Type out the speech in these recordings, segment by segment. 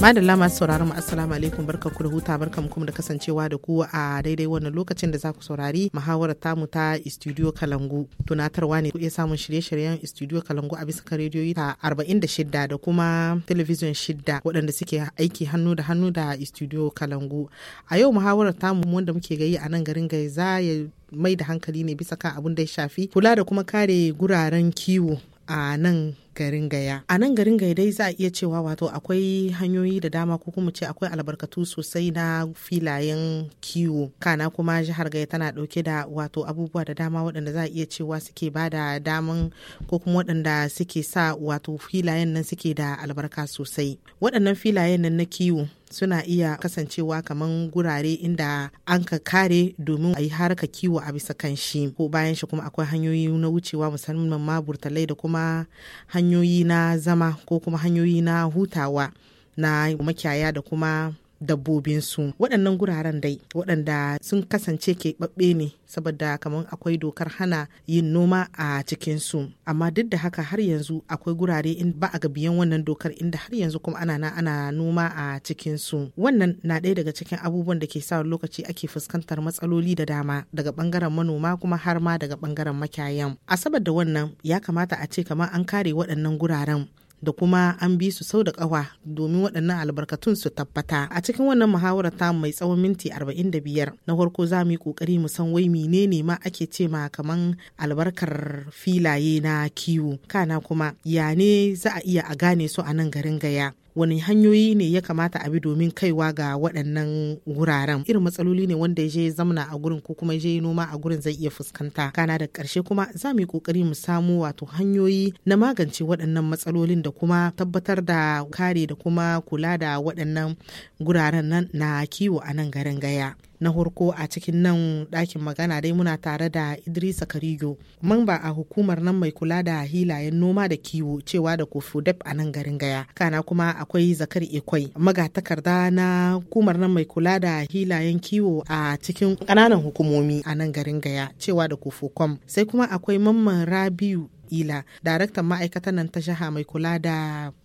madalla masu sauraron mu assalamu alaikum barka ku da huta barka mu kuma da kasancewa da ku a daidai wannan lokacin da za ku saurari muhawarar tamu ta studio kalangu tunatarwa ne ku iya samun shirye-shiryen studio kalangu a bisa rediyoyi ta 46 da kuma talabijin shidda waɗanda suke aiki hannu da hannu da studio kalangu a yau muhawarar tamu wanda muke gayi a nan garin gaiza ya mai da hankali ne bisa kan abin da ya shafi kula da kuma kare guraren kiwo a nan garin gaya a nan garin gaya dai za a iya cewa wato akwai hanyoyi da dama ko kuma ce akwai albarkatu sosai na filayen kiwo kana kuma jihar gaya tana dauke da wato abubuwa da dama waɗanda za a iya cewa suke ba da daman ko kuma waɗanda suke sa wato filayen nan suke da albarka sosai waɗannan filayen nan na kiwo suna iya kasancewa kamar gurare inda an ka kare domin a yi harka kiwo a bisa kanshi ko bayan shi kuma akwai hanyoyi na wucewa musamman ma burtalai da kuma hanyoyi hanyoyi na zama ko kuma hanyoyi na hutawa na makiyaya da kuma dabbobinsu waɗannan guraren dai waɗanda sun kasance keɓaɓɓe ne saboda kamar akwai dokar hana yin noma a cikinsu amma duk da haka har yanzu akwai gurare in ba a biyan wannan dokar inda har yanzu kuma ana na ana noma a cikinsu wannan na ɗaya daga cikin abubuwan da ke sa lokaci ake fuskantar matsaloli da dama daga bangaren manoma kuma har ma daga bangaren makiyayan a saboda wannan ya kamata a ce kamar an kare waɗannan guraren da kuma an bi su sau da ƙawa domin waɗannan albarkatun su tabbata a cikin wannan muhawara ta mai tsawon minti 45 na farko za mu yi ƙoƙari mu san wai menene ma ake ce ma kaman albarkar filaye na kiwo kana kuma ya ne za a iya a gane su a nan garin gaya wani hanyoyi ne ya kamata a bi domin kaiwa ga waɗannan wuraren irin matsaloli ne wanda ya je zamna a gurin ko kuma je noma a gurin zai iya fuskanta kana da ƙarshe kuma za mu yi ƙoƙari mu samu wato hanyoyi na magance waɗannan matsalolin da kuma tabbatar da kare da kuma kula da waɗannan guraren nan na kiwo a nan garin gaya na horko a cikin nan dakin magana dai muna tare da idrisa karigo mamba a hukumar nan mai kula da hilayen noma da kiwo cewa da kofodep a nan garin gaya kana kuma akwai zakar ikwai magatakarda na hukumar nan mai kula da hilayen kiwo a cikin ƙananan hukumomi a nan garin gaya cewa da kofokom sai kuma akwai mamman rabiu ila daraktan ma'aikatan nan ta jiha mai kula da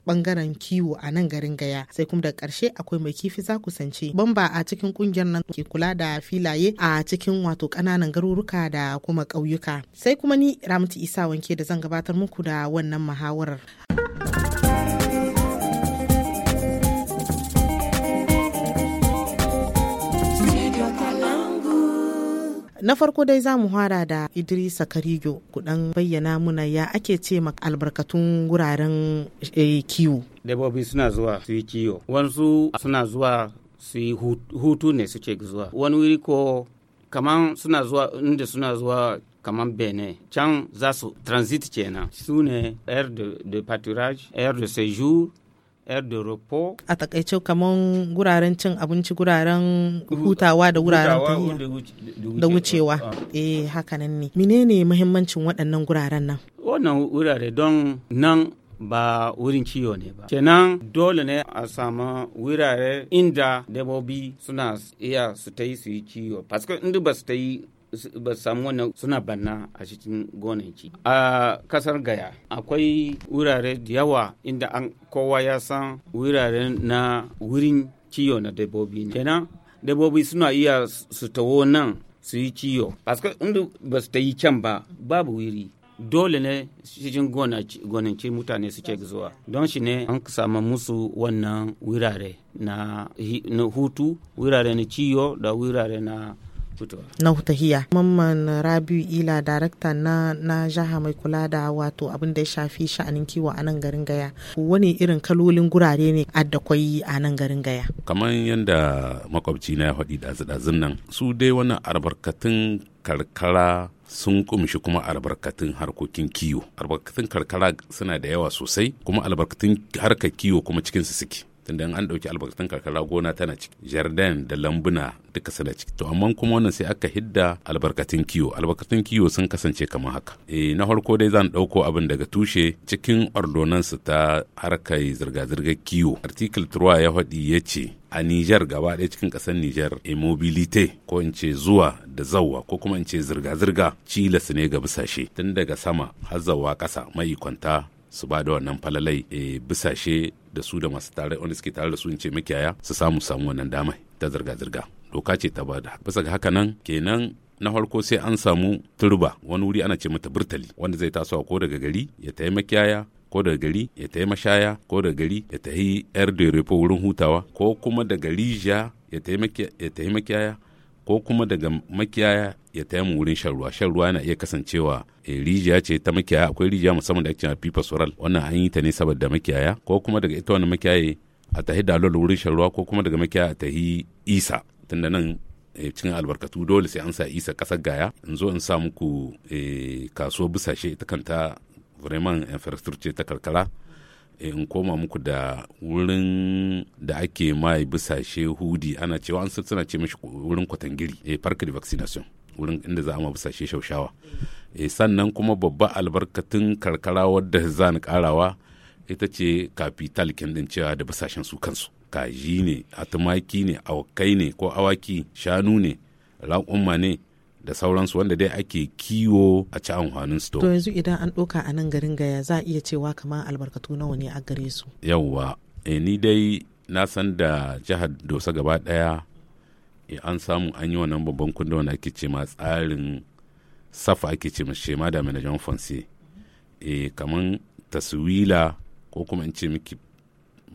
bangaren kiwo a nan garin gaya sai kuma da karshe akwai mai kifi za kusance bamba a cikin kungiyar nan ke kula da filaye a cikin wato kananan garuruka da kuma ƙauyuka sai kuma ni ramtu isa wanke da zan gabatar muku da wannan muhawarar. na farko dai za mu hara da idrisa karigo kudan bayyana muna ya ake ce albarkatun wuraren eh, kiwo dabbobi suna zuwa su yi kiwo wasu suna zuwa su yi hutu ne suke zuwa wani wuri ko kaman suna zuwa inda suna zuwa kamar bene can za su transit kenan su ne air de, de pâturage air de séjour yar da rupo a takaice kamar guraren cin abinci guraren hutawa da guraren da wucewa ah. eh hakanan ne menene muhimmancin waɗannan guraren nan wannan wurare don nan ba wurin ciwo ne ba kenan dole ne a sama wurare inda dabobi suna iya su ta yi su yi ciwo paske inda ba su ta yi ba samu wannan suna banna a cikin gonaki a kasar gaya akwai wurare da yawa inda an kowa ya san wurare na wurin kiyo na dabbobi ne kenan dabbobi suna iya su tawo nan su yi kiyo paske inda ba su ta yi can ba babu wuri dole ne cikin gonanci mutane suke zuwa don shi ne an samu musu wannan wurare na hutu wurare na ciyo da wurare na na hutahiya mamman rabiu ila darakta na na jaha mai kula da wato abin da ya shafi sha'anin kiwo a nan garin gaya wani irin kalolin gurare ne adda kwai a nan garin gaya kamar yadda makwabci na ya faɗi dazu-dazun nan su dai wannan albarkatun karkara sun kumshi kuma albarkatun harkokin kiwo albarkatun karkara suna da yawa sosai kuma albarkatun harkar kiwo kuma cikinsu suke tunda an ɗauki albarkatun karkara gona tana ciki jardin da lambuna duka suna ciki to amma kuma wannan sai aka hidda albarkatun kiwo albarkatun kiwo sun kasance kamar haka e, na farko dai zan ɗauko abin daga tushe cikin ordonansu ta harkar zirga-zirgar kiwo article 3 ya faɗi ya ce a Nijar gaba ɗaya cikin ƙasar Nijar immobilite ko in ce zuwa da zawa ko kuma in ce zirga-zirga cilas ne ga bisashe tun daga sama har zawa ƙasa mai kwanta su ba da wannan falalai e, eh, bisashe da su da masu tare wanda suke tare da su in ce makiyaya su samu samu wannan damai ta zirga-zirga doka ce ta bada bisa ga haka nan kenan na farko sai an samu turba wani wuri ana ce mata burtali wanda zai tasowa ko daga gari ya tayi makiyaya ko daga gari ya tayi mashaya ko daga gari ya tayi yar da repo wurin hutawa ko kuma daga rija ya tayi makiyaya ko kuma daga makiyaya ya tayi mu wurin shan ruwa shan ruwa yana iya kasancewa eh, rijiya ce ta makiyaya akwai rijiya musamman da ake cewa pipa soral wannan an yi ta ne saboda makiyaya ko kuma daga ita wani makiyaye a tahi dalol wurin shan ruwa ko kuma daga makiyaya a tahi isa tunda nan eh, cikin albarkatu dole sai an sa isa kasar gaya in zo in sa muku eh, kasuwar busashe ita kanta vraiment infrastructure ta karkara eh, in koma muku da wurin da ake mai busashe hudi ana cewa an suna ce mashi wurin kwatangiri a park de vaccination wurin inda za a ma busashe shaushawa sannan kuma babba albarkatun karkara wadda ni karawa ita ce capital kin din cewa da busashen su kansu kaji ne a tumaki ne awakai ne ko awaki shanu ne raƙumma ne da sauransu wanda dai ake kiwo a ci amfanin su to yanzu idan an ɗoka a nan garin gaya za a iya cewa kamar albarkatu nawa ne a gare su yawwa e, eh, ni dai na san da jihar dosa gaba ɗaya e, an samu an yi wannan babban kundin wanda ake ce ma tsarin safa ake ce ma shema da manajan fonse e, eh, kamar taswila ko kuma in ce miki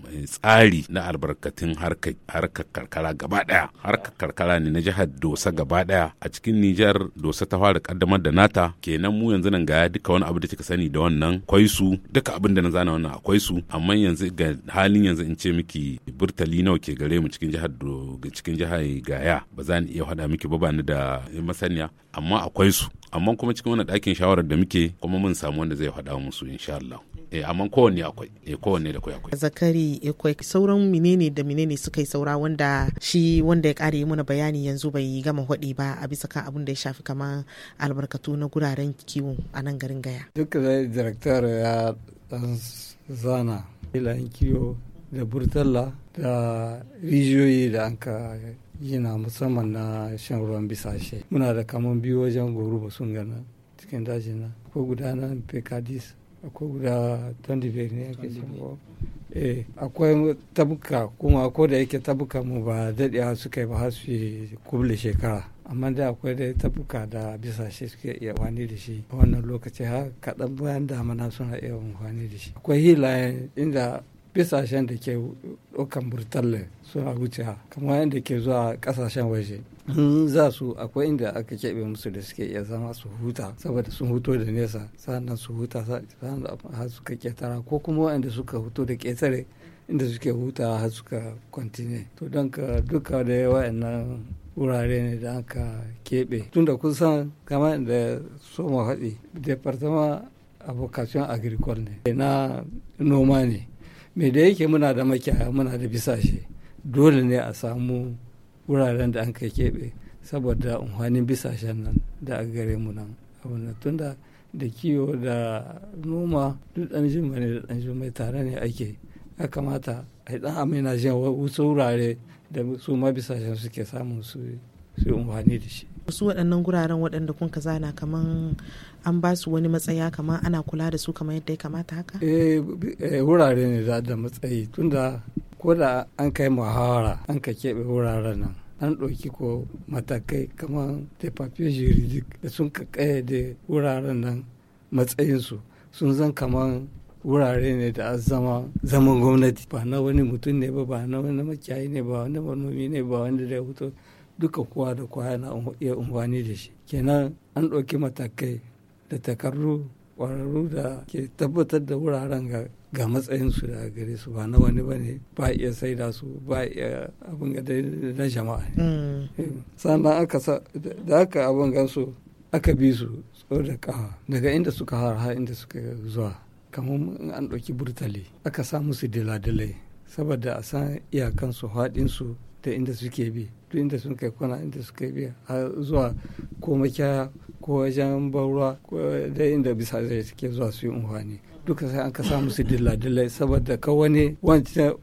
tsari na albarkatun harkar karkara gaba daya harkar karkara ne na jihar dosa gaba daya a cikin nijar dosa ta fara kaddamar da nata kenan mu yanzu nan ga duka wani abu da kika sani da wannan akwai su duka abin da na zana wannan akwai su amma yanzu ga halin yanzu in ce miki burtali nawa ke gare mu cikin jihar cikin jihar gaya ba za ni iya faɗa miki ba ba ni da masaniya amma akwai su amma kuma cikin wani ɗakin shawarar da muke kuma mun samu wanda zai faɗa musu insha Allah Eh, amma kowane akwai eh da akwai zakari akwai eh, sauran menene da menene suka yi saura wanda shi wanda ya kare mana bayani yanzu bai gama hwaɗi ba a bisa kan abin da ya shafi kamar albarkatu na guraren kiwo a nan garin gaya duka director ya dan zana filayen kiwo da burtalla da rijiyoyi da an ka na musamman na shan ruwan bisa bisashe muna da kaman biyu wajen goruba sun gana cikin dajin na ko gudanar pekadis akwai guda 25 ne ake samuwa eh akwai tabuka kuma ko da yake tabuka mu ba ha suka yi ba su su kuble shekara amma da akwai da tabuka da bisa shi suke iya wani da shi a wannan lokaci har kaɗan bayan damana suna iya wani da shi akwai hilayen inda bisashen da ke ɗaukan burtalle suna wuce kamar yadda ke zuwa ƙasashen waje in za su akwai inda aka keɓe musu da suke iya zama su huta saboda sun huto da nesa sannan su huta sannan har suka ƙetara ko kuma waɗanda suka huto da ƙetare inda suke huta har suka kwantine to don ka duka da waɗannan wurare ne da aka keɓe tunda kusan kamar da mu haɗi departama a vocation agricole ne na noma ne me da yake muna da makiyaya muna da bisashe dole ne a samu wuraren da an kai keɓe saboda unhwanin bisashen nan da a gare mu nan abinda tunda da kiwo da noma duk dan jima ne da dan jima tare ne ake ya kamata a yi dan amina jin wasu wurare da su ma bisashen suke samun su yi unhwani da shi su waɗannan guraren waɗanda kun ka zana kaman an ba su wani matsaya kaman ana kula da su kamar yadda ya kamata haka eh, eh wurare ne da da matsayi tunda ko da an kai muhawara an ka keɓe wuraren nan an ɗauki ko matakai kamar papier juridique da sun ka da wuraren nan matsayinsu sun zan kamar wurare ne da an zama zaman gwamnati ba na wani mutum ne ba ba na wani makiyayi ne ba wani manomi ne ba wanda da ya duka kowa da kowa yana iya amfani da shi kenan an ɗauki matakai da takardu ƙwararru da ke tabbatar da wuraren ga ga su da gare su ba na wani ne ba iya saida su ba iya abin ga na jama'a mm. eh, sannan aka da aka abin gansu aka bi su tsoro da kawa daga inda suka har inda suka zuwa kamar an ɗauki burtali aka sa musu diladilai saboda a san iyakansu haɗinsu da inda suke bi duk inda sun kai kwana inda suke bi a zuwa ko makiya ko wajen barwa da inda bisa zai suke zuwa su yi unhwani duka sai an ka sa musu dilla dilla saboda ka wani wancan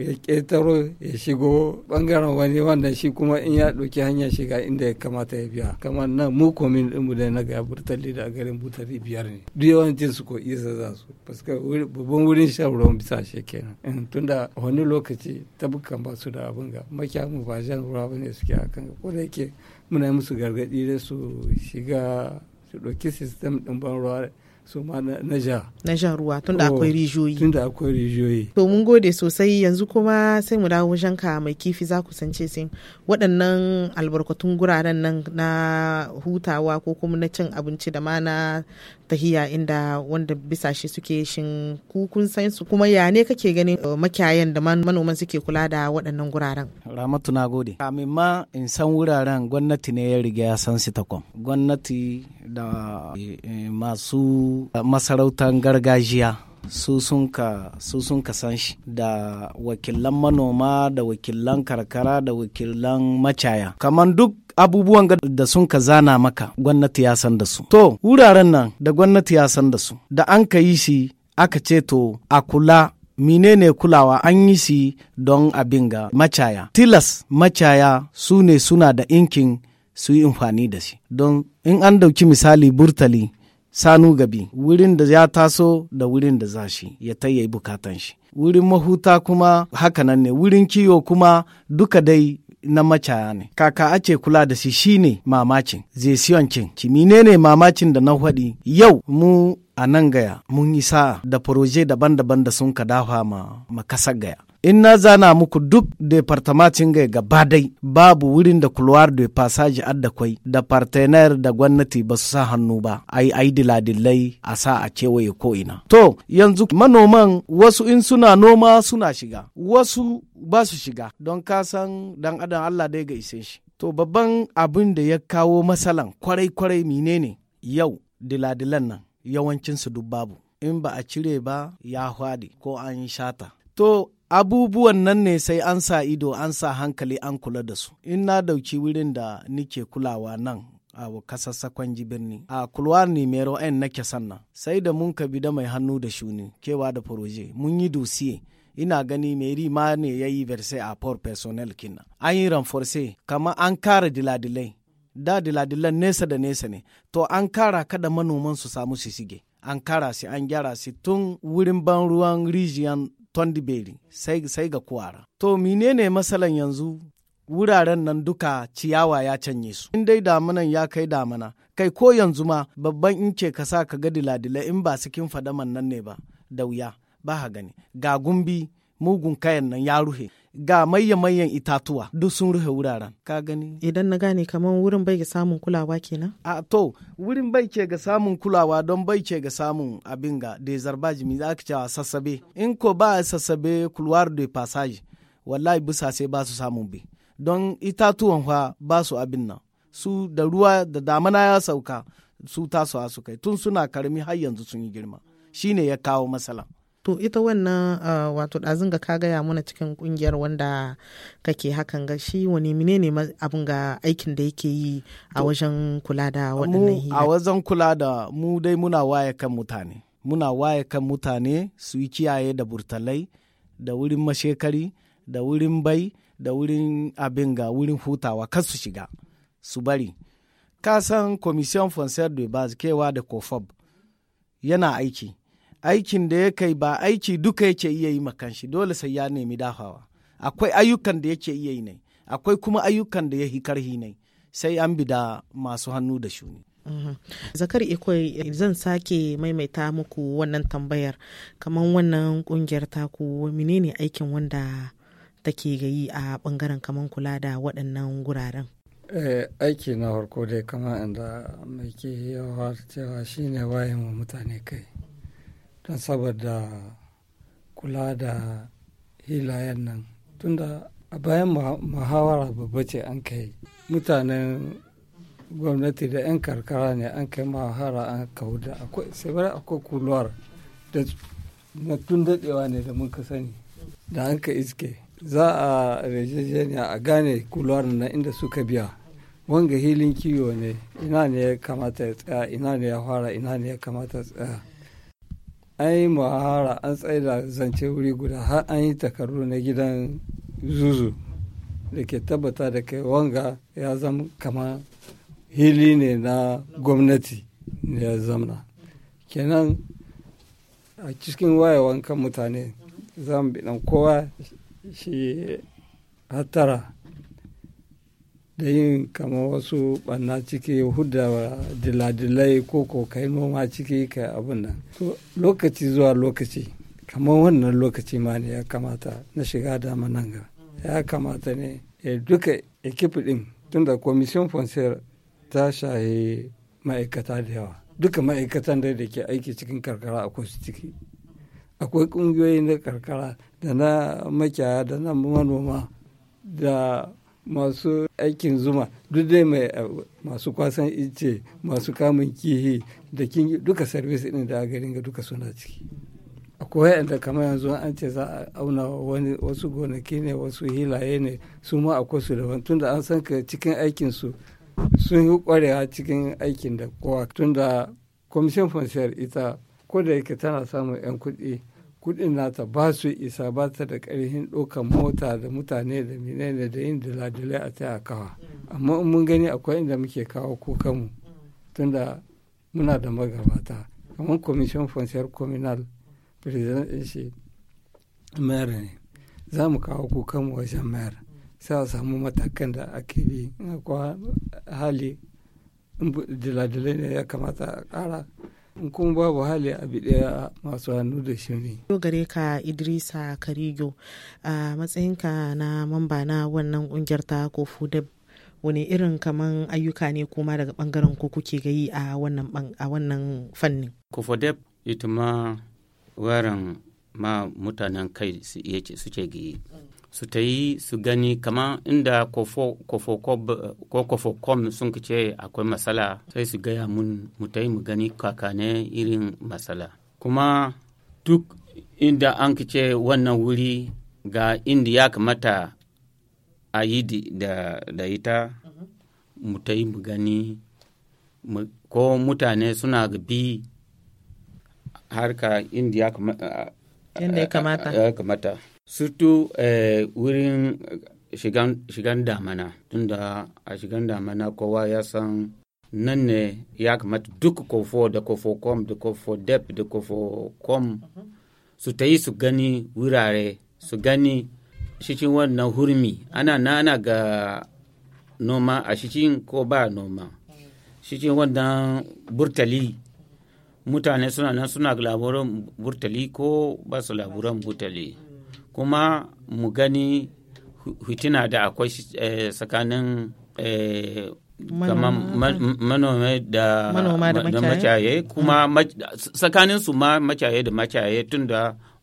ya ƙetaro ya shigo bangaren wani wanda shi kuma in ya ɗauki hanya shiga inda ya kamata ya biya kamar nan mu komin ɗinmu da na ga burtali da garin butari biyar ne duk yawancin su ko isa za su paske babban wurin shan ruwan bisa shi kenan eh, tunda wani lokaci tabukan ba su da abin ga makiyamu ba jan ruwa ba ne suke hakan ko da yake muna musu gargaɗi da su shiga su ɗauki sistem ɗin ban ruwa su ma na ja. Na ruwa tunda oh, akwai rijiyoyi. Tunda akwai rijiyoyi. To mun gode sosai yanzu kuma sai mu dawo wajenka mai kifi za ku sance sai waɗannan albarkatun guraren nan na hutawa ko kuma na cin abinci da ma na tahiya inda wanda bisa shi suke shin kukun san su kuma ya ne kake ganin uh, makiyayan da manoman suke kula da waɗannan guraren ramatu na gode kamin ma in san wuraren gwamnati ne ya riga ya san su takwam gwamnati da eh, eh, masu eh, masarautar gargajiya su sun ka san shi da wakilan manoma da wakilan karkara da wakilan macaya kamar duk abubuwan da sun ka zana maka gwamnati ya san da su to wuraren nan da gwamnati ya san da su da an ka yi shi aka ce to a kula menene kulawa an yi shi don abin ga macaya tilas macaya su ne suna da inkin su yi amfani da shi don in an dauki misali burtali sanu gabi wurin da ya taso da wurin da za shi ya tayyai bukatan shi wurin mahuta kuma hakanan ne wurin kiwo kuma duka dai na macaya ne kaka ake kula da shi shine mamacin zesiyoncin kimine ne mamacin da na haɗi yau mu a nan gaya mun yi sa'a da proje daban-daban da sun ka dafa ma kasar gaya in na zana muku duk departamacin gai gaba dai babu wurin da couloir de passage adda kwai da partenaire da gwamnati ba su sa hannu ba ai ai diladilai a sa a kewaye ko ina to yanzu manoman wasu in suna noma suna shiga wasu ba su shiga don kasan dan adam Allah dai ga isin shi to babban abin da ya kawo matsalan kwarai kwarai menene yau diladilan nan yawancinsu duk babu in ba a cire ba ya hwade ko an shata to abubuwan nan ne sai an sa ido an sa hankali an kula da su in na dauki wurin da nike kulawa nan a kasar sakwanji birni a ne mero n nake sannan sai da mun kabi da mai hannu da shuni kewa da proje mun yi dosiye ina gani meri ma ne ya yi verse a port personnel kina an yi ranforce kama an kara diladilai da diladilan nesa da nesa ne to an kara kada manoman su samu su shige an kara an gyara si tun wurin ban ruwan rijiyan tondiberi sai, sai ga kuwara to menene masalan yanzu wuraren nan duka ciyawa ya canye su in dai damunan ya kai damana kai ko yanzu ma babban in ce ka sa ka ga diladila in ba su kin fadaman nan ne ba da wuya ba ha gani ga gumbi mugun kayan nan ya ruhe ga mayyan-mayyan itatuwa duk sun rufe wuraren ka gani idan na gane kamar wurin bai ga samun kulawa kenan a to wurin bai ke ga samun kulawa don bai ke ga samun abin ga da zarbaji mi za ka cewa sassabe in ko ba sassabe kulwar da passage wallahi bisa sai ba su samun bi don itatuwan fa ba su abin nan su da ruwa da damana ya sauka su tasowa su kai tun suna karami har yanzu sun yi girma shi ne ya kawo matsala to ita wannan wato ɗazin ga ka gaya mana cikin ƙungiyar wanda kake hakan ga shi wani mine ne abin ga aikin da yake yi a wajen kula da a wajen kula da mu dai muna waye kan mutane muna waye kan mutane su yi kiyaye da burtalai da wurin mashekari da wurin bai da wurin abin ga wurin hutawa kar su shiga su bari ka san commission foncière de base kewa da cofob yana aiki aikin da ya kai ba aiki duka yake iya yi makan shi dole sai ya nemi dafawa akwai ayyukan da yake iya yi ne akwai kuma ayyukan da ya hi karhi ne sai an bi da masu hannu da shuni mhm. zakar ikoi zan sake maimaita muku wannan tambayar kamar wannan kungiyar taku menene aikin wanda take gayi a bangaren kamar kula da waɗannan guraren eh, aiki na farko dai kamar inda mai ke yawa cewa shine wayan mutane kai don saboda kula da hilayen nan tunda a bayan muhawara babba ce an kai mutanen gwamnati da 'yan karkara ne an kai muhawara an kawo da akwai sabar akwai kuluwar da na tun daɗewa ne da mun sani da an ka iske za a rejejeniya a gane kuluwar na inda suka biya wanga hilin kiwo ne ina ne ya kamata ya tsaya ina ne ya fara ina ne ya kamata ya tsaya an yi muhara an da zance wuri guda har an yi takardu na gidan zuzu da ke tabbata da kai wanga ya zama kama hili ne na gwamnati ne ya zamna kenan a cikin wayewan kan mutane zan bi kowa shi hattara da yin kama wasu ɓanna ciki huda diladilai ko ko kai noma ciki ka abin nan lokaci zuwa lokaci kama wannan lokaci ma ne ya kamata na shiga dama nan ga ya kamata ne eh, duka ekipu din tunda commission fonsiyar ta shahi ma'aikata da yawa duka ma'aikatan da ke aiki cikin karkara akwai su ciki akwai ƙungiyoyi na karkara da na makiyaya da na manoma da masu aikin zuma duk dai mai eh, masu kwasan ice masu kamun kihi da kingi duka service ɗin da garin ga duka suna ciki akwai yadda kamar yanzu an ce za a auna wani wasu gonaki ne wasu hilaye ne su ma akwai su daban tunda an san ka cikin aikin su sun yi kwarewa cikin aikin da kowa tunda kwamishin fansiyar ita ko da yake tana samun 'yan kuɗi kudin nata ba su isa ba ta da karhin ɗaukan mota da mutane da menene da yin diladilai a taya kawa amma in mun gani akwai inda muke kawo kukanmu tunda muna da magabata kamar commission foncier communal president din shi mayar ne za mu kawo kukanmu wajen mayar sai a samu matakan da ake bi hali diladilai ne ya kamata a ƙara in kuma babu hali a daya masu hannu da shi Yau gare ka Idrisa Karigo a matsayinka na mamba na wannan ƙungiyar ta kofu da wani irin kaman ayyuka ne kuma daga bangaren ko kuke gayi a wannan a wannan fannin. ita ma waran ma mutanen kai suke gayi. su ta yi su gani kamar inda kom sun ce akwai masala. sai su gaya mun mu mu gani kakane irin matsala kuma duk inda an kice wannan wuri ga inda ya kamata a yi da, ita mu mu gani ko mutane suna bi harka inda ya kamata sutu eh, wurin shigan damana tunda a shigan damana kowa ya san nan ne ya kamata duk kofo da kofo kom da kofo dep da kofo kom su ta yi su gani wurare su gani cikin wannan hurmi ana nana ga noma a shikin ko ba noma cikin wannan burtali mutane suna nan suna labaran burtali ko ba su labaran burtali kuma mu gani hutuna da akwai eh, tsakanin eh, manoma da makyaye kuma ah. tsakanin su ma makyaye da makyaye tun da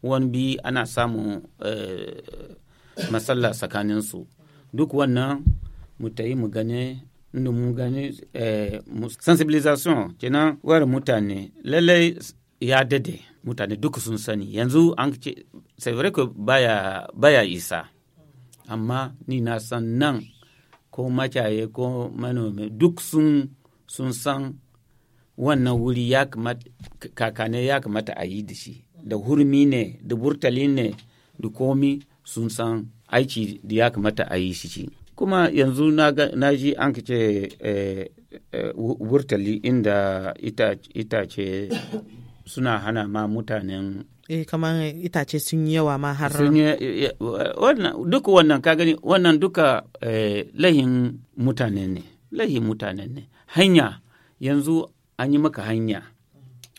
wani bi ana samun eh, matsala tsakanin su duk wannan mu ta yi mu gane inda mu gane sensibilisation kenan wayar mutane lallai ya dade mutane duk sun sani yanzu an ce severeko baya baya isa amma ni na san nan ko makyaye ko manomi duk sun sun san wannan wuri ya kamata kakane ya kamata a yi da shi da hurmi ne da burtali ne da komi sun san aiki da ya kamata a yi shi kuma yanzu na ji an ce burtali eh, eh, inda itace suna hana ma mutanen eh kamar itace sun yi yawa ma har eh, eh, wannan duka wannan ka gani wannan duka eh, lahin mutane ne lahin mutane ne hanya yanzu an yi maka hanya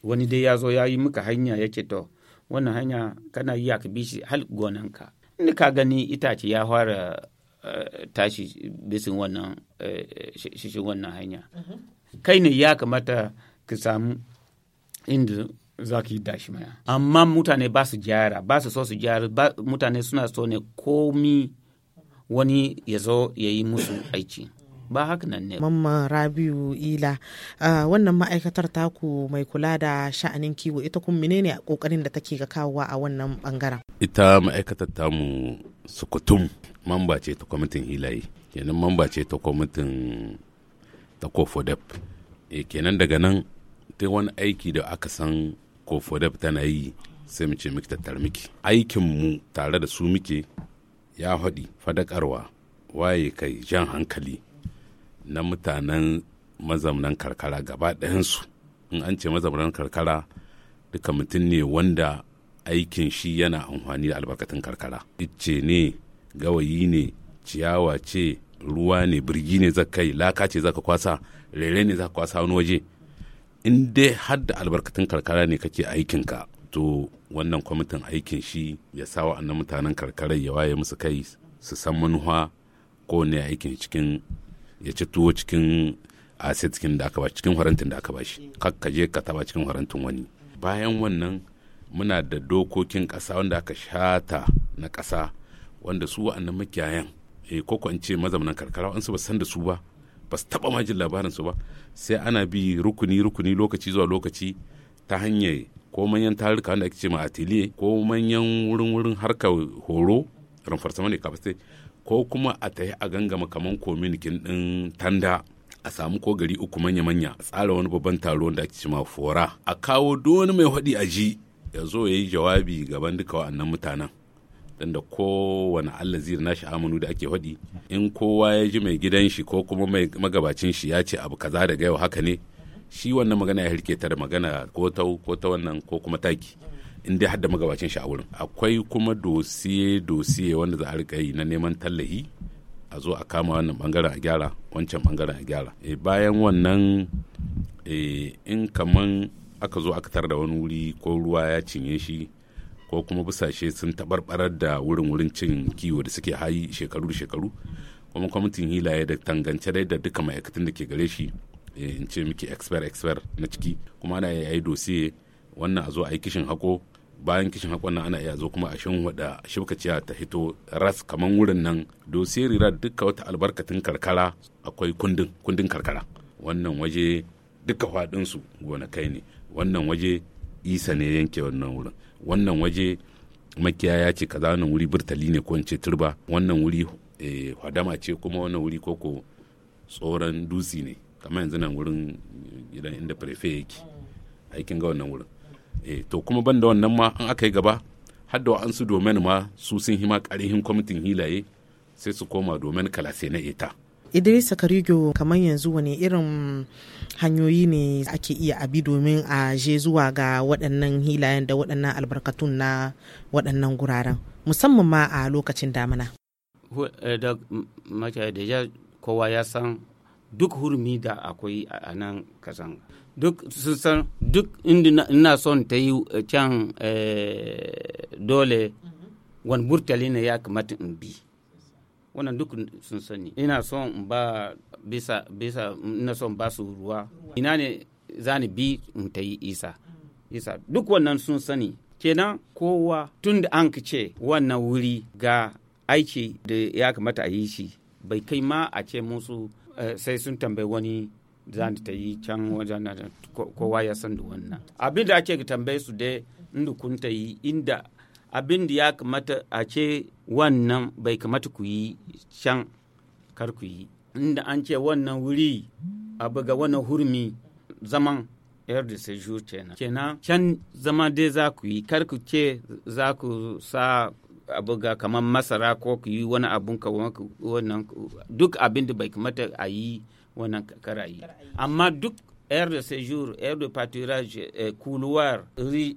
wani dai ya zo ya yi maka hanya yake to wannan hanya kana yi ka bishi hal gonanka inda ka gani itace ya fara tashi bisin wannan shi wannan hanya mhm. kai ne ya kamata ka samu inda za ki da shi amma mutane ba su gyara ba su so su gyara mutane suna so ne komi wani ya zo ya yi musu aiki ba haka nan ne mamma rabiu ila wannan ma'aikatar taku mai kula da sha'anin kiwo ita kuma menene a kokarin da take ga kawowa a wannan bangaren ita ma'aikatar tamu sukutum mamba ce ta kwamitin hilaye kenan mamba ce ta kwamitin ta kofodep eh, kenan daga nan ta wani aiki da aka san kofodaf tana yi sai mu ce miki tattar miki aikinmu tare da su muke ya haɗi fadakarwa waye kai jan hankali na mutanen mazamnan karkara gaba ɗayansu in an ce mazaunan karkara duka mutum ne wanda aikin shi yana amfani da albarkatun karkara icce ne gawayi ne ciyawa ce ruwa ne birgi ne zaka yi laka ce zaka kwasa rere ne zaka kwasa wani waje in dai har da albarkatun karkara ne kake aikinka to wannan kwamitin aikin shi ya sa wa'annan mutanen karkarar ya waye musu kai su san manuwa ko ne aikin cikin ya ci tuwo cikin aset cikin da aka ba cikin farantin da aka ba shi ka je ka taba cikin farantin wani bayan wannan muna da dokokin ƙasa wanda aka shata na ƙasa wanda su wa'annan makiyayan eh, ko ko in ce mazaunan karkara an su ba san da su ba ba su taba labarin su ba sai ana bi rukuni rukuni lokaci zuwa lokaci ta hanyar ko manyan tarurruka wanda ake ce ma atelier ko manyan wurin wurin harka horo ranfarsama ne sai ko kuma a yi a gangama kaman kominikin din tanda a samu ko gari uku manya-manya A tsara wani babban taro da ake ma fora a kawo duk mai haɗi a ji ya zo ya yi jawabi gaban duka wa'annan mutanen dan da kowane na nashi amanu da ake hadi in kowa ya ji mai gidan shi ko kuma mai magabacin shi ya ce abu kaza daga yau haka ne shi wannan magana ya rike ta da magana ko ta ko ta wannan ko kuma taki in dai hadda magabacin shi a wurin akwai kuma dosiye dosiye wanda za a rika yi na neman tallahi a zo a kama wannan bangaren a gyara wancan bangaren a gyara eh, bayan wannan e, in kaman aka zo aka tar da wani wuri ko ruwa ya cinye shi ko kuma busashe sun tabarbarar da wurin wurin cin kiwo da suke hayi shekaru da shekaru kuma kwamitin hilaye da tangance dai da duka ma'aikatan da ke gare shi eh, in ce miki expert expert na ciki kuma ana yayi dosiye wannan a zo a yi kishin hako bayan kishin hakon nan ana iya zo kuma a shin wada shibkaciya ta hito ras kaman wurin nan dosiye rira duka wata albarkatun karkara akwai kundin kundin karkara wannan waje duka faɗinsu gonakai ne wannan waje isa ne yanke wannan wurin wannan waje makiyaya ce kaza wannan wuri burtali ne ko ce turba wannan wuri eh, hadama ce kuma wannan wuri koko tsoron dutsi ne kamar yanzu nan wurin gidan inda prefe yake aikin ga wannan wurin eh, to kuma ban da wannan ma an aka yi gaba har da an su domin ma su sun hima karihin kwamitin hilaye sai su koma domin kalase na eta Idrisa Karigo kamar yanzu wani irin hanyoyi ne ake iya abi domin a je zuwa ga waɗannan hilayen da waɗannan albarkatun na waɗannan guraren musamman ma a lokacin damina. Eh, da kowa ya san duk hurumi da akwai a nan kasan duk sun san duk ina son ta yi eh, can eh, dole mm-hmm. wani burtali ne ya kamata in bi wannan duk sun sani ina son ba bisa bisa ina son ba su ruwa ina ne zani ni bi in ta yi isa isa duk wannan sun sani kenan kowa tun da an ce wannan wuri ga aiki da ya kamata a yi shi bai kai ma a ce musu eh, sai sun tambayi wani za ta yi can wajen kowa ya san da wannan abin da ake tambaye su dai inda kun ta yi inda abin da ya kamata a ce wannan bai kamata ku yi can kar ku yi inda an ce wannan wuri abu ga wannan hurmi zaman yar da sai kenan kenan can zama dai za ku yi kar ku ce za ku sa abu ga kamar masara ko ku yi wani abun ka wannan duk abin da bai kamata a yi wannan karayi amma duk yar de séjour yar de patirage eh, couloir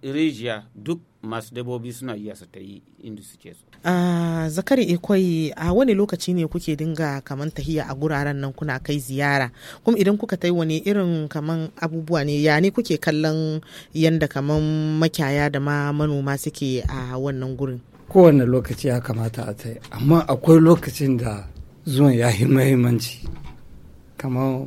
rijiya duk masu dabobi suna iya su ta yi inda suke so. a ah, zakari ikwai eh, a wani lokaci ne kuke dinga kaman tahiya a guraren nan kuna kai ziyara kuma idan kuka tai wani irin kaman abubuwa ne ya ne kuke kallon yanda kaman makyaya da ma manoma suke a wannan gurin. kowane lokaci ya kamata a ta amma akwai lokacin da zuwan ya yi mahimmanci kamar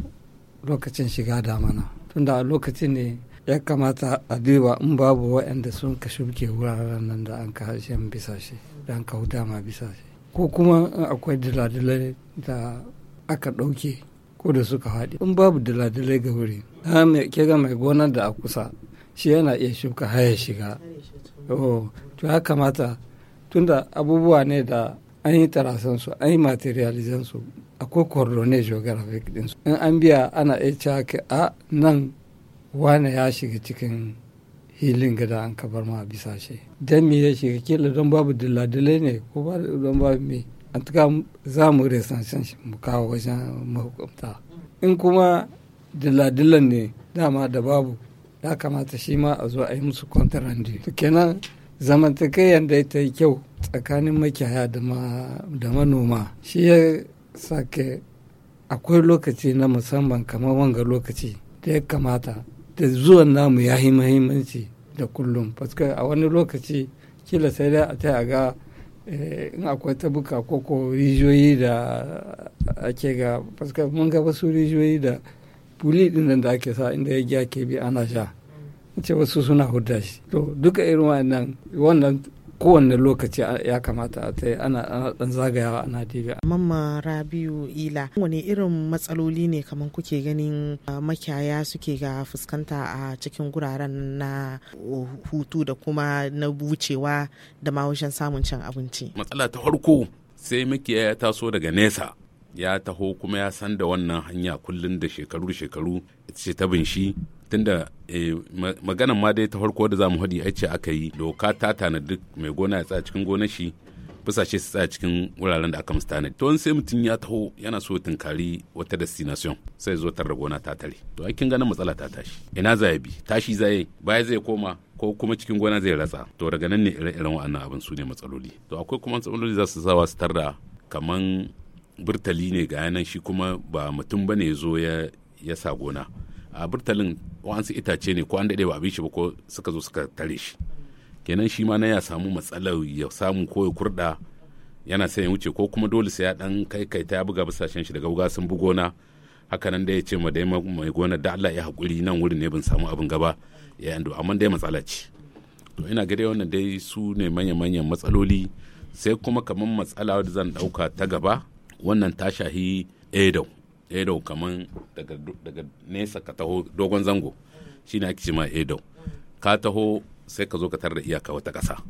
lokacin shiga damana tunda lokacin ne ya kamata a duba in babu waɗanda sun ka shubke wuraren nan da an ka harshen bisashe da an kawo dama shi ko kuma akwai diladilai da aka ɗauke ko da suka haɗi. in babu diladilai ga wuri ke ga mai gonar da a kusa shi yana iya shuka haya shiga oh, to ya kamata tunda abubuwa ne da an yi su an yi materializansu akwai coordinate geographic ɗinsu in an biya ana iya cewa a nan wane ya shiga cikin hilin gada an ka bar ma bisa shi dan me ya shiga kila don babu dilladilai ne ko ba don babu me an tuka za mu resansan shi mu kawo wajen mahukumta in kuma dilladilan ne dama da babu ya kamata shi ma a zo a yi musu to kenan yadda ya ta yi kyau tsakanin makiyaya da manoma shi ya sake akwai lokaci na musamman kamar wanga lokaci da ya kamata da zuwan namu ya yi mahimmanci da kullum paske a wani lokaci kila sai dai a ta ga eh, in akwai tabuka ko ko rijiyoyi da ake ga paske mun ga wasu rijiyoyi da buli din da ake sa inda ya ke bi ana sha ce wasu suna hudda shi to duka irin wannan kowane lokaci ya kamata a tai ana dan zagayawa a dibiya. Mamma Rabiu Ila, wani irin matsaloli ne kamar kuke ganin ah, makiyaya suke ga fuskanta a cikin guraren na hutu da kuma na bucewa da mahaushin samun cin abinci? Matsala ta farko sai makiyaya ya taso daga nesa. Ya taho kuma ya san da wannan hanya kullum da shekaru-shekaru ita ce ta binshi tunda eh, maganan ma dai ta farko da za hadi aice ai ce aka yi doka ta tana duk mai gona ya tsaya cikin gonar shi fusashe su tsaya cikin wuraren da aka musu tanadi to sai mutum ya taho yana so tinkari wata destination sai zo tarra gona ta tare to ai kin ganin matsala ta tashi ina zai bi tashi zai baya zai koma ko kuma cikin gona zai ratsa to daga nan ne irin irin wa'annan abin su ne matsaloli to akwai kuma matsaloli za su zawa su tarra kaman burtali ne ga yanan shi kuma ba mutum bane ya zo ya sa gona a burtalin wa'ansu itace ne ko an daɗe ba abin shi ba ko suka zo suka tare shi kenan shi ma na ya samu matsalar ya samu ko ya kurɗa yana sai ya wuce ko kuma dole sai ya ɗan kai kai ta ya buga bisashen shi daga buga sun bugo na haka nan da ya ce ma dai mai gona da Allah ya haƙuri nan wurin ne ban samu abin gaba ya ando amma dai matsala ce to ina ga dai wannan dai su ne manya-manyan matsaloli sai kuma kamar matsala da zan ɗauka ta gaba wannan ta shahi edau edo kaman daga nesa ka taho dogon zango shine ake cewa edo ka taho sai ka zo ka tar da iyaka wata ƙasa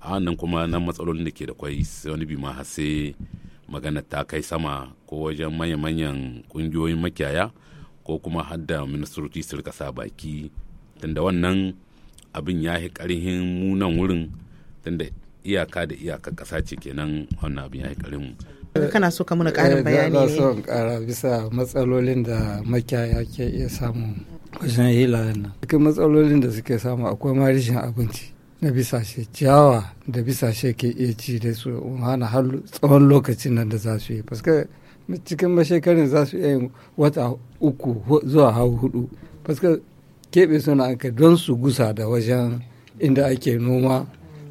a nan kuma nan matsalolin da ke da kwai sai wani bi ma sai magana ta kai sama ko wajen manya-manyan kungiyoyin makiyaya ko kuma hadda ministoci su rika sa baki tunda wannan abin ya yi ƙarhin munan wurin tunda iyaka da iyaka ƙasa ce kenan wannan abin ya yi kana so ka muna karin eh, bayani ne so kara bisa matsalolin da makiyaya ke iya samu wajen hilayen nan cikin matsalolin da suke samu akwai ma abinci na bisashe ciyawa da bisashe ke iya ci da su hana har tsawon lokacin nan da za su yi paske cikin mashekarin za su iya wata uku zuwa hau hudu paske keɓe suna aka don su gusa da wajen inda ake noma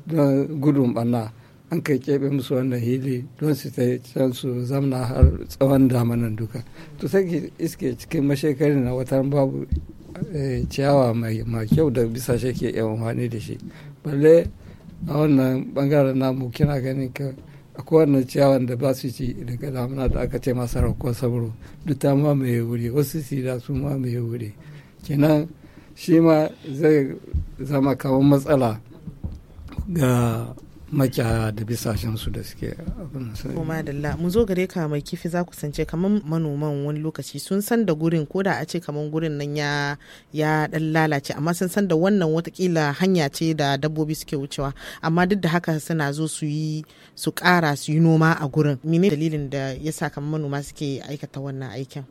don gudun banna an kai keɓe musu wannan hili don su ta can su zamna har tsawon damanan duka to sai iske cikin mashekari na watan babu eh, ciyawa mai kyau da bisa shi ke yawan wani da shi balle a wannan bangaren namu kina ganin ka akwai wannan ciyawan da ba su ci daga damuna da aka ce masa rako sabro duk ta ma mai wuri wasu da su ma mai wuri kenan shi ma zai zama kamar matsala ga makiya da bisashen su da suke abin su da mu zo gare ka mai kifi za ku sance kamar manoman wani lokaci sun san da gurin ko da a ce kamar gurin nan ya ya dan lalace amma sun san da wannan watakila hanya ce da dabbobi suke wucewa amma duk da haka suna zo su yi su kara su yi noma a gurin mene dalilin da yasa kamar manoma suke aikata wannan aikin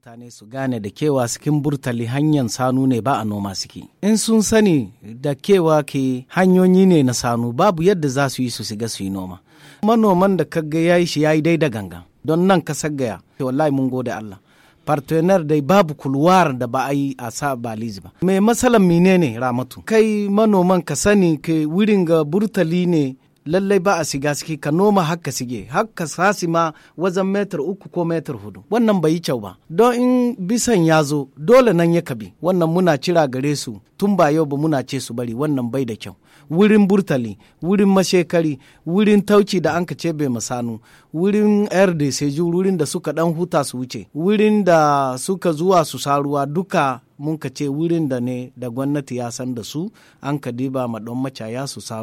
mutane su gane da kewa cikin burtali hanyar sanu ne ba a noma suke in sun sani da kewa ke hanyoyi ne na sanu babu yadda za su yi su shiga su yi noma manoman da kaga ya yi shi ya yi daida gangan don nan ka sagaya wallahi mun gode Allah partenaire dai babu kulwar da ba a yi a sa balizi ba mai matsalan menene ramatu kai manoman ka sani ke wurin ga burtali ne lallai ba a siga suke ka noma haka sige haka sasi ma wajen metar uku ko metar hudu wannan bai yi kyau ba don in bisan ya zo dole nan ya kabi wannan muna cira gare su tun ba yau ba muna ce su bari wannan bai da kyau wurin burtali wurin mashekari wurin tauci da an ce bai masanu wurin rdc wurin da suka dan huta su wuce wurin da suka zuwa su saruwa duka mun ka ce wurin da ne da gwamnati ya san da su an ka diba ma don macaya su sa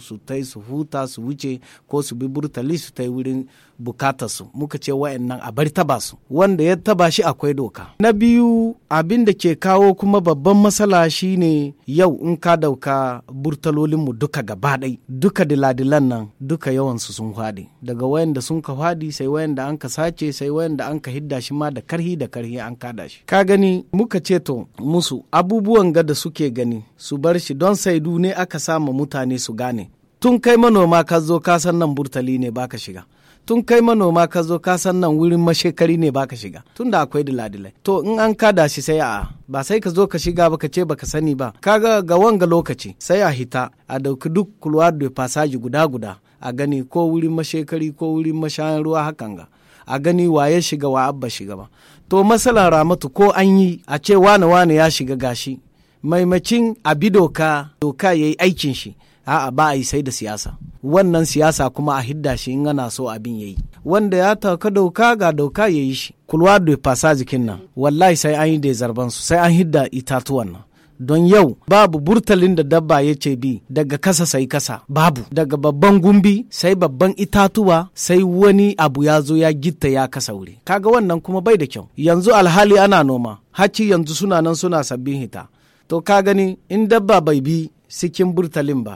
su tai su huta su wuce ko su bi burtali su tai wurin bukatarsu muka ce wa'annan a bari taba su wanda ya taba shi akwai doka na biyu abin da ke kawo kuma babban matsala shine yau in ka dauka burtalolinmu duka gaba ɗai duka diladilan nan duka yawansu sun hwaɗe daga wayanda sun ka hwaɗi sai wayanda an ka sace sai wayanda an ka hidda shi ma da karhi da karhi an kada shi ka gani muka ce to musu abubuwan ga da suke gani su bar shi don saidu ne aka sama mutane su gane tun kai manoma ka zo ka san nan burtali ne baka shiga tun kai manoma ka zo ka san nan wurin mashekari ne baka shiga tun da akwai diladilai to in an kada shi sai a ba sai ka zo ka shiga ba ka ce baka sani ba ka ga ga wanga lokaci sai a hita a dauki duk kulwar da fasaji guda guda a gani ko wurin mashekari ko wurin mashayan ruwa hakan ga a gani waye shiga wa abba shiga ba to matsalar ramatu ko an yi a ce wane wane ya shiga gashi maimacin bi doka doka ya yi aikin shi a'a ba a yi sai da siyasa wannan siyasa kuma a hidda shi in ana so abin yayi wanda ya tauka doka ga doka ya yi shi kulwa da fasa jikin nan wallahi sai an yi da zarban su sai an hidda itatuwan nan don yau babu burtalin da dabba ya ce bi daga kasa sai kasa babu daga babban gumbi sai babban itatuwa sai wani abu ya zo ya gitta ya kasa wuri kaga wannan kuma bai da kyau yanzu alhali ana noma hacci yanzu suna nan suna sabbin hita to ka gani in dabba bai bi sikin burtalin ba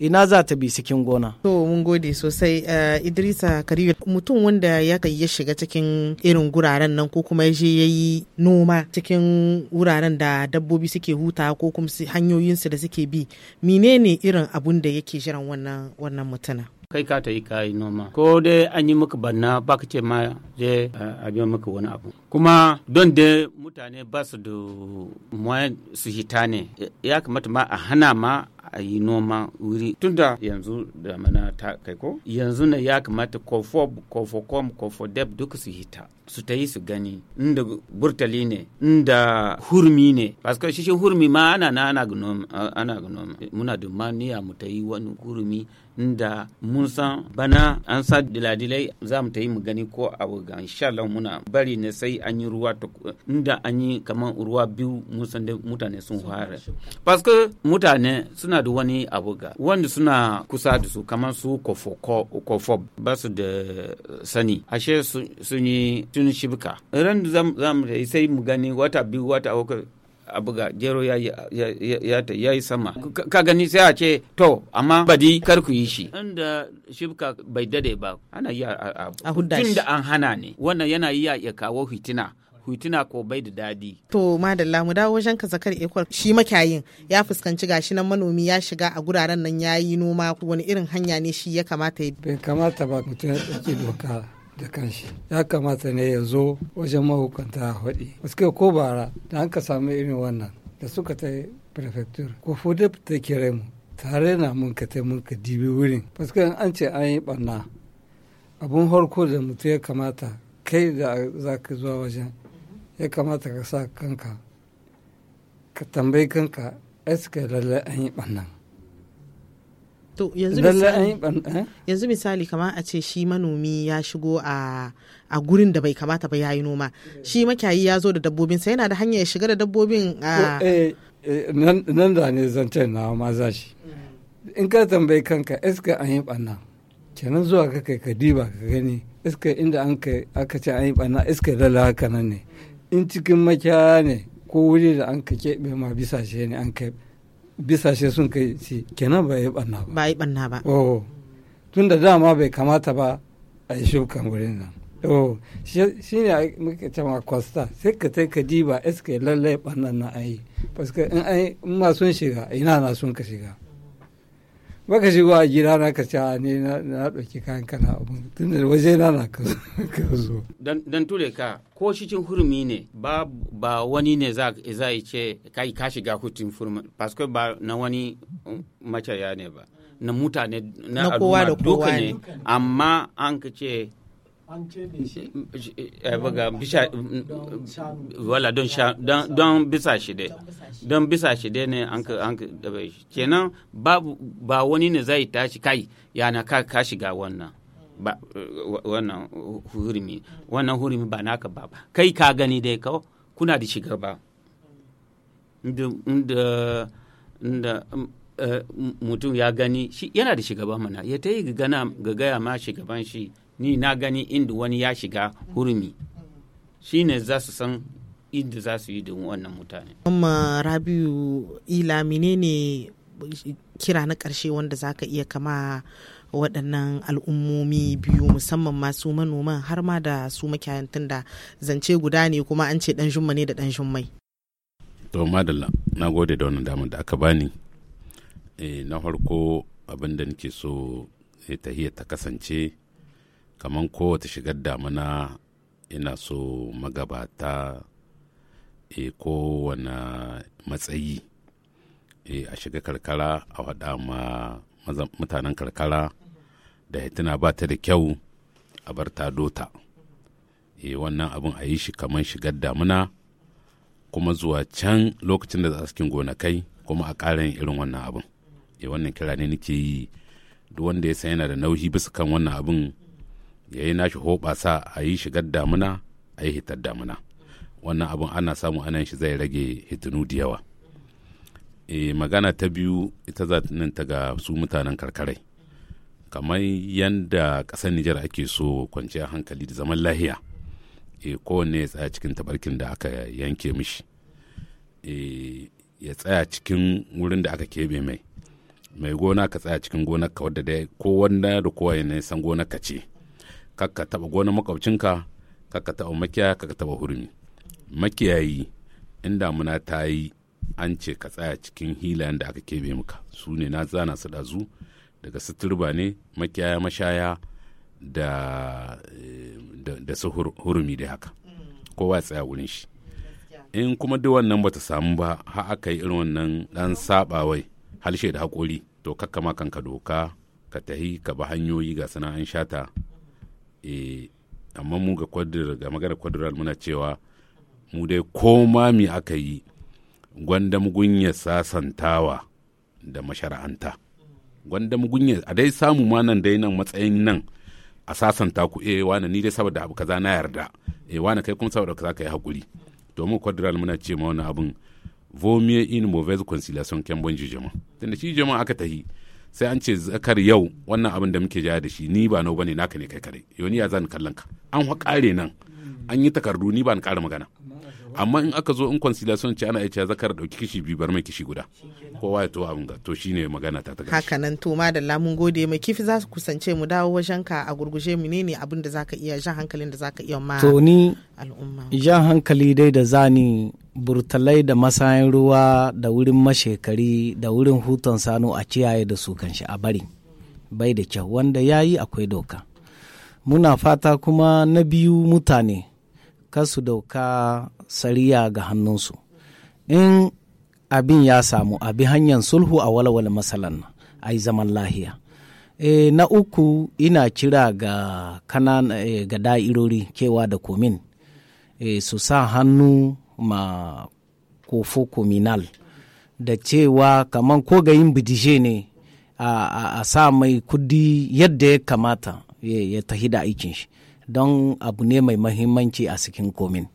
ina za ta bi cikin gona. To mun gode sosai eh, Idrisa Kariyu mutum wanda ya kai ya shiga cikin irin guraren nan ko kuma ya je ya yi noma cikin wuraren da dabbobi suke huta ko kuma hanyoyinsu da suke bi menene irin abun da yake jiran wannan wannan mutuna. kai ka ta yi ka yi noma ko dai an yi maka banna ba ka ce ma je. a biya maka wani abu kuma don da mutane ba su da moyen su hita ne ya kamata ma a hana ma a yi noma wuri tun tunda yanzu da mana ta kai ko yanzu ne ya kamata kofo kofo kom kofo deb duka su hita su ta yi su gani inda burtali ne inda hurmi ne que shishin hurmi ma ana na ana gnoma ana gnoma muna da maniya mu ta yi wani hurmi inda mun san bana an sa diladilai za mu ta yi mu gani ko abu ga insha Allah muna bari ne sai an yi ruwa inda an yi kamar ruwa biyu mun san da mutane sun fara que mutane suna da wani abu ga wanda suna kusa da su kamar su kofo kofo ba su da sani ashe sun yi in shibka ran za mu sai mu gani wata biyu wata uku a jero ya yi sama ka gani sai a ce to amma badi kar ku yi shi inda shibka bai dade ba ana yi a tun da an hana ne wannan yana yi ya kawo fitina hutuna ko bai da dadi. To madalla mu dawo wajen ka zakar ekwal shi makiyayin ya fuskanci gashi nan manomi ya shiga a guraren nan ya yi noma wani irin hanya ne shi ya kamata ya. Bai kamata ba mutum ya doka da kanshi ya kamata ne ya zo wajen mahukunta ya haɗi suke ko bara da an ka samu irin wannan da suka ta prefecture ko fude ta kira mu tare na mun ka ta mun ka dibi wurin paske an ce an yi ɓanna abun harko da mutu ya kamata kai da za ka zuwa wajen ya kamata ka sa kanka ka tambayi kanka eske lallai an yi ɓannan to yanzu misali eh? yanzu misali kamar a ce shi manomi ya shigo a a gurin da bai kamata ba yayi noma shi makiyayi ya zo da dabbobin sa yana da hanya ya shiga da dabbobin a eh, eh, nan da ne zancen na ma za shi in ka tambayi kanka iska an yi banna kenan zuwa ka kai ka diba ka gani iska inda an kai aka ce an yi banna iska lalla haka nan ne in cikin makiyaya ne ko wuri da an ka keɓe ma bisa shi ne an kai bisa shi sun kai shi kenan ba yi banna ba ba yi banna ba oh, oh. tun da dama bai kamata ba a yi shukan wurin nan oh, oh. shi ne muke cewa kwasta sai ka tai ka diba iska lallai bannan na ayi paske in ayi in ma sun shiga ina na sun ka shiga baka shigo a gida na ka ca ne na ɗauki kayan kana abin tun da waje na na ka zo. Dan ture ka ko cin hurumi ne ba ba wani ne za a yi ce kai ka shiga hutun hurumi paske ba na wani macaya ne ba na mutane na al'umma duka ne amma an ka ce an eh, buga bisa mm, mm, wala don don bisa shi dai don bisa shi dai ne an ka an ka kenan babu ba wani ne zai tashi kai ya na ka ka shiga wannan ba wannan hurumi wannan hurumi ba naka ba kai ka gani dai ka kuna da shiga ba inda inda mm, eh, mutum ya gani shi yana da shugaba mana ya ta yi gana gagaya gaya ma shugaban shi ni na gani inda wani ya shiga hurumi shi ne za su san inda za su yi da wannan mutane. Amma Rabiu Ila menene kira na ƙarshe wanda za ka iya kama waɗannan al'ummomi biyu musamman masu manoman har ma da su makiyayan tunda zance guda ne kuma an ce ɗan jumma ne da ɗan jummai. To madalla na gode da wannan damar da aka bani. Eh, na farko abin da nake so eh, ta kasance kamar kowace shigar damuna ina so magabata e, kowane matsayi e, a shiga karkara a haɗa ma mutanen karkara da hituna ba ta da kyau a bar ta dota e, wannan abin a yi shi kamar shigar damuna kuma zuwa can lokacin da za su gonakai kuma a ƙara irin wannan abin e, wannan kira ne nake yi duk wanda ya san yana da nauyi bisa kan wannan abin ya yi nashi hoɓasa a yi shigar damuna a yi hitar damuna wannan abin ana samu anan shi zai rage hitinu da yawa e, magana ta biyu ita za ta ga su mutanen karkarai kamar yadda ƙasar nijar ake so kwanciyar hankali da zaman lahiya e, kowanne ya tsaya cikin tabarkin da aka yanke mishi e, ya tsaya cikin wurin da aka kebe mai mai gona ka tsaya cikin gonar ka wadda da kowanne da kowa ya san gonar ka ce kakka taba gonar makwabcinka kakka taba makiya kakka taba hurmi makiyayi in damuna ta yi an ce ka tsaya cikin hilayen da aka kebe maka su ne na zana su dazu daga suturba ne makiyaya mashaya da eh, da su hurumi da haka mm. kowa ya tsaya wurin shi in kuma duk wannan bata samu ba ha aka yi irin wannan dan sabawai halshe da haƙori to kakka ma kanka doka ka tahi ka ba hanyoyi ga sana'an shata E, amma mu ga kwadir magana kwadiral muna cewa mu dai koma mi aka yi gwanda mugunya sasantawa da mashara'anta gwanda mugunya a dai samu ma nan dai nan matsayin nan a sasanta ku eh wani ni dai saboda abu kaza na yarda eh wani kai kuma saboda kaza kai hakuri to mu kwadiral muna ce ma wani abin vomier in mauvaise conciliation kyan bon jugement tunda shi jama'a aka tahi sai an ce zakar yau wannan abin da muke ja da shi ni ba nau bane naka ne kai kare yoni ya zan kallon ka an kare nan an yi takardu ni ba ni kara magana amma in aka zo in sun ce ana iya zakar dauki kishi biyu bar mai kishi guda kowa ya to abin ga to shine magana ta ta gashi haka nan to da lamun gode mai kifi za su kusance mu dawo wajen ka a gurguje mu ne abin da zaka iya jan hankalin da zaka iya ma to ni jan hankali dai da zani burtalai da masayin ruwa da wurin mashekari da wurin hutun sanu a ciyaye da su kanshi a bari bai da kyau wanda yayi akwai doka muna fata kuma na biyu mutane kasu dauka sariya ga hannunsu in abin ya samu abi hanyar sulhu a walwal masalan a zaman lahiya e, na uku ina kira ga kanan e, ga da'irori kewa da komin e, su sa hannu ma kofo kominal da cewa kamar ko ga yin bidije ne a, sa mai kudi yadda ya kamata ya tahi da aikin shi don abu ne mai mahimmanci a cikin komin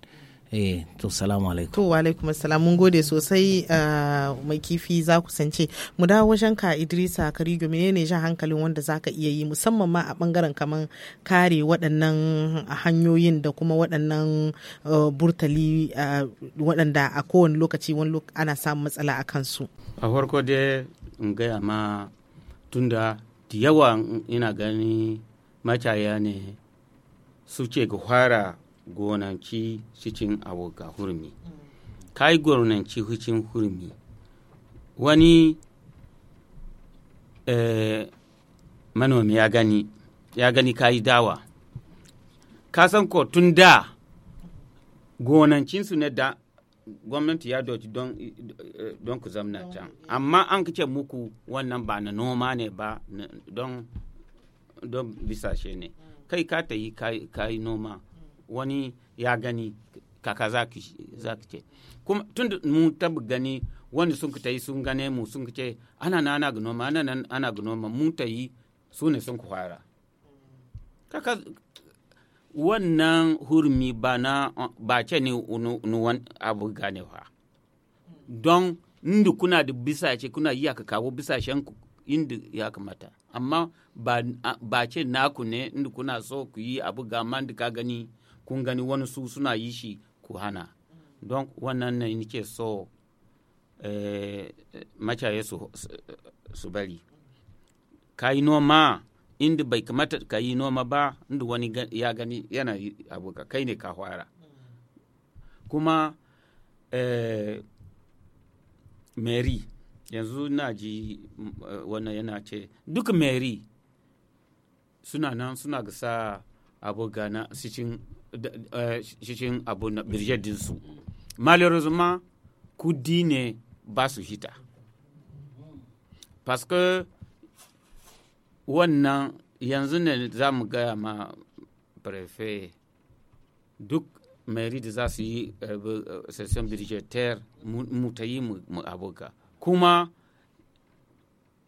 eh to salamu alaikum to wa alaikum assalam mun gode sosai ah, mai kifi za ku sance mu dawo wajen ka Idrisa Karigo menene jan hankalin wanda zaka iya yi musamman ma a bangaren kaman kare waɗannan ah, hanyoyin da kuma waɗannan ah, burtali waɗanda a kowane lokaci wani ana samun matsala a kansu a farko dai in gaya ma tunda yawa ina gani macaya ne suke ga fara gonanci cikin aboka hurmi ka yi gonanci cikin hurmi wani eh, manomi ya gani ya gani ka yi dawa ka san ko tun da gonancinsu ne da gwamnati ya doki don ku zamna can amma an kace muku wannan ba na noma ne ba don bisashe ne mm. kai ka ta yi ka yi noma wani ya gani kaka za ki ce kuma tun da mu tabi gani wani sun ta yi sun gane mu sun ce ana na ana gnoma ana nan ana gnoma mu ta yi su ne sun fara kaka wannan hurmi ba na ba ce ne wani abu ganewa don inda kuna da ce kuna iya ka kawo bisa ku inda ya kamata amma ba ce naku ne inda kuna so ku yi abu ga man da ka gani kun gani wani su suna yi shi ku hana don wannan ne nike so eh, macaye su bari ka yi noma inda bai kamata ka yi noma ba inda wani ya gani yana yi kai ne ka fara kuma eh, mary yanzu na ji eh, wannan yana ce duk mary suna nan suna gasa abu gana cikin Eh, cikin abu na birjadinsu malheureusement kudi ne ba su hita parce que wannan yanzu ne za mu gaya ma prefe duk mairie da za su yi eh, session budgetaire mu ta yi mu aboka kuma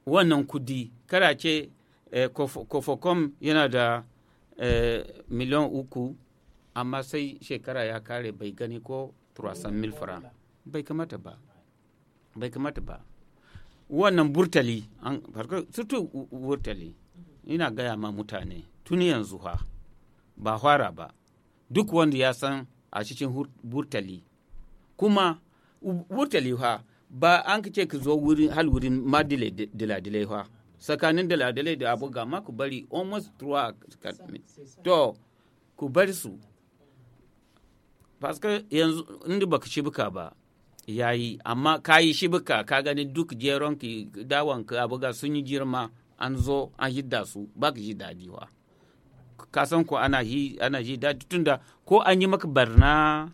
wannan kudi kada ce eh, kofokom yana da miliyan uku amma sai shekara ya kare bai gani ko turasan milfara bai kamata ba bai kamata ba wannan burtali an surtu burtali ina gaya ma mutane tuni yanzu ha ba fara ba duk wanda ya san a cikin burtali kuma burtali ha ba an kace ki zo wurin hal wurin madile diladilai ha tsakanin diladilai da abuga maku ku bari almost through to ku bari su Faskar yanzu inda baka shibika ba ya yi amma ka yi shibika ka gani duk jeronki dawanka buga sun yi girma an zo an hidda su ba ka ji dadiwa. Ka san ko ana yi ana ji dadi tunda ko an yi maka barna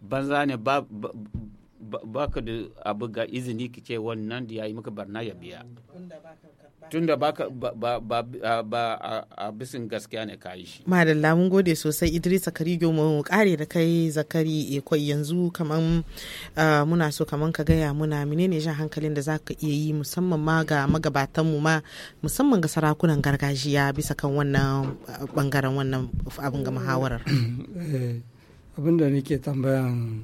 banza ne ba ka da abu ga izini ki ce wannan da ya yayi maka barna ya biya tunda ba ba ba a bisin gaskiya ne ka yi shi madalla mun gode sosai Idris Karigo mu kare da kai Zakari ekwai yanzu kaman muna so kaman ka gaya muna menene jan hankalin da za ka iya yi musamman ma ga magabatan mu ma musamman ga sarakunan gargajiya bisa kan wannan bangaren wannan abin ga muhawarar eh, abin da nake tambayan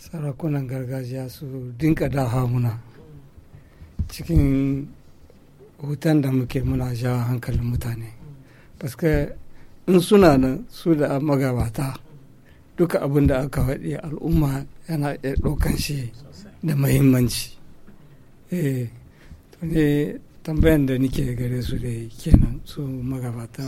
sarakunan gargajiya su dinka da hamuna cikin hutan da muke muna jawa hankalin mutane paske in suna nan su da magabata duka abin da aka faɗi al'umma yana iya ɗaukan shi da mahimmanci eh to ne tambayan da nike gare su da kenan su magabata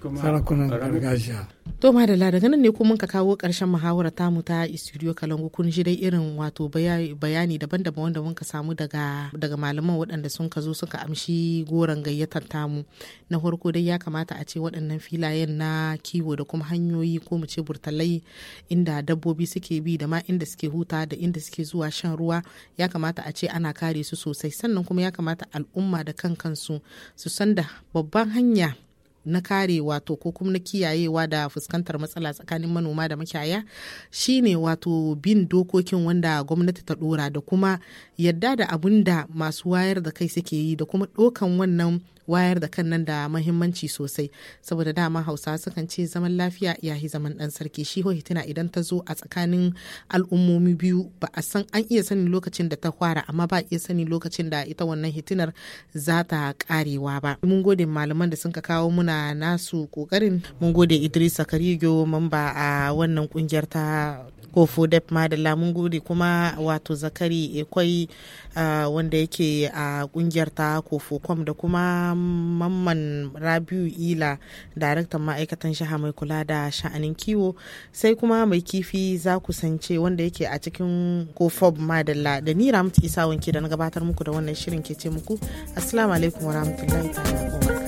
sarakunan gargajiya. To da daga nan ne kuma ka kawo ƙarshen muhawara tamu ta Studio Kalangu kun ji dai irin wato bayani daban-daban wanda ka samu daga daga malaman waɗanda sun ka zo suka amshi goron gayyatar tamu. Na farko dai ya kamata a ce waɗannan filayen na kiwo da kuma hanyoyi ko mu ce burtalai inda dabbobi suke bi da ma inda suke huta da inda suke zuwa shan ruwa ya kamata a ce ana kare su sosai sannan kuma ya kamata al'umma da kan kansu su san da babban hanya na kare wato ko kuma na kiyayewa da fuskantar matsala tsakanin manoma da makiyaya shine wato bin dokokin wanda gwamnati ta dora da kuma yadda da abun da masu wayar da kai suke yi da kuma dokan wannan wayar da kan nan da mahimmanci sosai saboda dama hausa sukan ce zaman lafiya ya yi zaman dan sarki shi ho hitina idan ta zo a tsakanin al'ummomi biyu ba a san an iya sanin lokacin da ta fara amma ba a iya sanin lokacin da ita wannan hitinar za ta karewa ba mun gode malaman da sun ka kawo muna nasu kokarin mun gode Idris Karigo mamba a wannan kungiyar ta kofo dep madalla mun gode kuma wato zakari ekwai wanda yake a kungiyar ta kofo kwam da kuma mamman rabiu ila daraktan ma'aikatan shaha mai kula da sha'anin kiwo sai kuma mai kifi za ku san ce wanda yake a cikin kofob madalla da ni ramtu isa wanke da na gabatar muku da wannan shirin ke ce muku assalamu alaikum wa rahmatullahi ta'ala